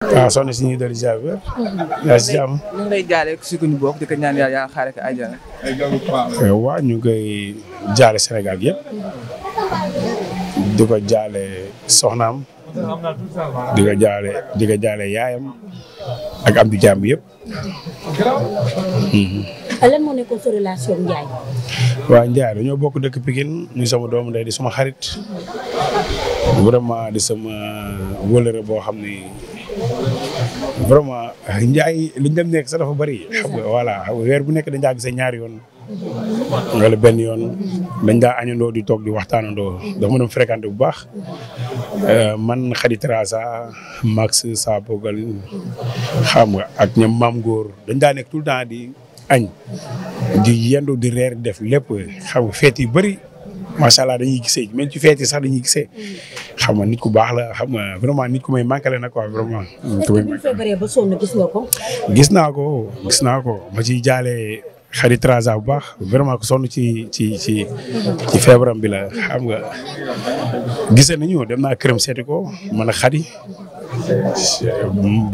waaw ah, soxna si ñu ngi mm-hmm. lay jaale si ñu di ko ñaan yàlla yàlla xaare eh, ñu koy jaale Sénégal gi yëpp. jaale soxnaam. di ko jaale di ko yaayam ak am di jàmm yëpp. Mm-hmm. lan moo nekkoon bokk dëkk Pikine muy sama doomu ndey di sama xarit. vraiment di sama wëlëre boo xam ne vraiment njaay liñ dem nekk sax dafa bëri xam nga voilà xam weer bu nekk dañ daa gisee ñaari yoon wala benn yoon dañ daa añandoo di toog di waxtaanandoo dafa mën a fréquenté bu baax euh, man Khady maks Max Sapogal xam nga ak ñam maam góor dañ daa nekk tout le temps di añ di yendu di reer def lépp xam nga feet yu bëri macha allah dañuy gisee même ci feeti sax dañuy gisee. xam nga nit ku baax la xam vraiment nit ku may manqué na quoi vraiment. ku may feebaree ba sonn gis ko. gis naa ko gis naa ko ma ciy jaale xarit Raza bu baax vraiment ku sonn ci ci ci feebaram bi xam nga gisee nañu dem naa këram seeti ko man a xadi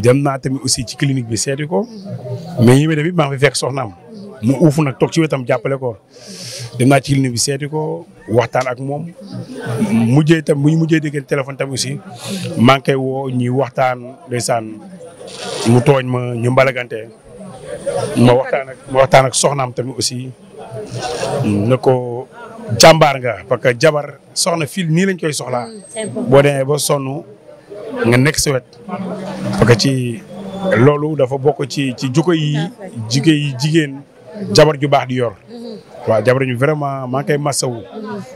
dem naa aussi ci clinique bi seeti ko mais ñi tamit maa ngi fi fekk soxnaam. mu uuf nag toog ci wetam jàppale ko dem naa ci clinique bi seeti ko waxtaan ak moom mujjee tam bu mujjee déggante téléphone tam aussi maa ngi woo ñuy waxtaan ndeysaan mu tooñ ma ñu mbalagante ma waxtaan ak ma waxtaan ak soxnaam tamit aussi na ko jàmbaar nga parce que jabar soxna fil nii lañ koy soxla mm, boo demee ba sonn nga nekk si wet parce ci loolu dafa bokk ci ci jukko yi jikko yi jigéen jabar ju baax di yor. waaw jabar ñu vraiment maa ngi koy masawu.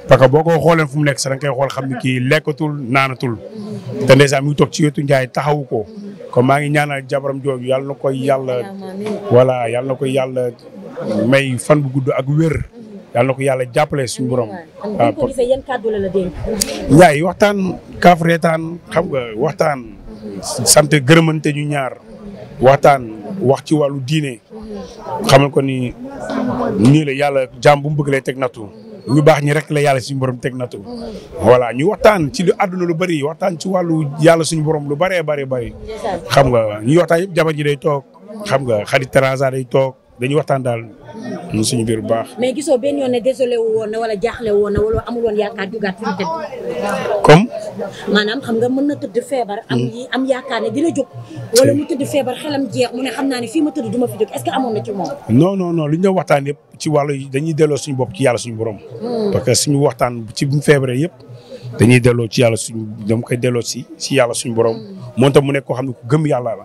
parce que boo ko xoolee fu mu nekk sax da nga koy xool xam ne kii lekkatul naanatul. te ndeysaan mi ngi toog ci wetu njaay taxawu ko. maa ngi ñaanal jabaram jooju yàlla koy yàlla. voilà yàlla koy yàlla may fan bu gudd ak wér. yàlla na ko yàlla jàppale suñu borom. waaw ko yaay waxtaan kaaf reetaan xam nga waxtaan. ñu ñaar waxtaan. wax ci wàllu diine xamal ko ni nii la yàlla jaam bu mu bëgg lay teg nattu ñu baax ñi rek la yàlla suñu borom teg nattu voilà ñu waxtaan ci lu àdduna lu bëri waxtaan ci wàllu yàlla suñu borom lu bëree bëri bëri xam nga ñuy waxtaan yëpp jabar ji day toog xam nga xarit Teresa day toog dañuy waxtaan daal ñun suñu biir bu baax. mais gisoo benn yoon woon na wala jaaxle woon na wala amul woon yaakaar jugaat fi mu tëdd. maanaam xam nga mën na tëdd feebar am hmm. yi dina jóg wala mu tëdd feebar xelam jeex mu xam naa ne fii ma tëdd duma fi jóg est que amoon na ci moom non non non li waxtaan yëpp ci wàllu dañuy delloo suñu bopp ci yàlla suñu borom hmm. parce que suñu ci bu feebaree yëpp dañuy delloo ci yàlla suñu dama koy delloo si si yàlla suñu borom hmm. moo tax mu nekk xam ne ku gëm yàlla la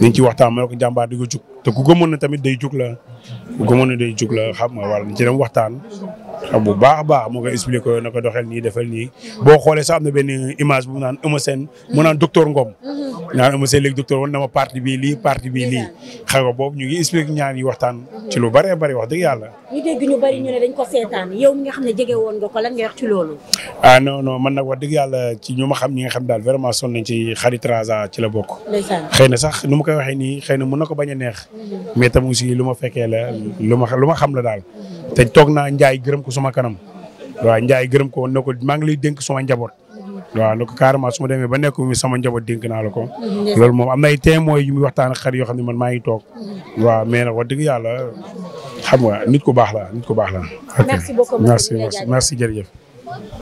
dañ ci waxtaan ma ne ko jàmbaar di ko jug te ku gëmoon na tamit day jóg la bu ko mën a xam nga war ci dem waxtaan xam bu baax a baax moo ko expliqué ko na ko doxal nii defal nii boo xoolee sax am na benn image bu naan Eumeu Sène mu naan docteur ngoom mm-hmm. naan Eumeu Sène léegi docteur woon na ma parti bii lii parti bii lii xam nga boobu ñu ngi expliqué ñaar yi waxtaan ci lu bëree bëri wax dëgg yàlla ñu dégg ñu wax ci ah man nag wax dëgg yàlla ci ñu ma xam ñi nga xam daal vraiment son nañ ci xarit Raza ci la bokk xëy sax nu ma koy waxee nii na ko bañ a neex mm-hmm. mais tam lu ma fekkee la la lu ma ma xam la daal te toog naa Ndiaye gërëm ko suma kanam waaw Ndiaye gërëm ko ne ko maa ngi lay dénk suma njaboot waaw ne ko carrément su ma demee ba nekk sama njaboot dénk naa la ko loolu moom am na ay témoins yu muy waxtaan ak yoo xam ne man maa ngi toog waaw mais nag wax dëgg yàlla xam nga nit ku baax la nit ko baax la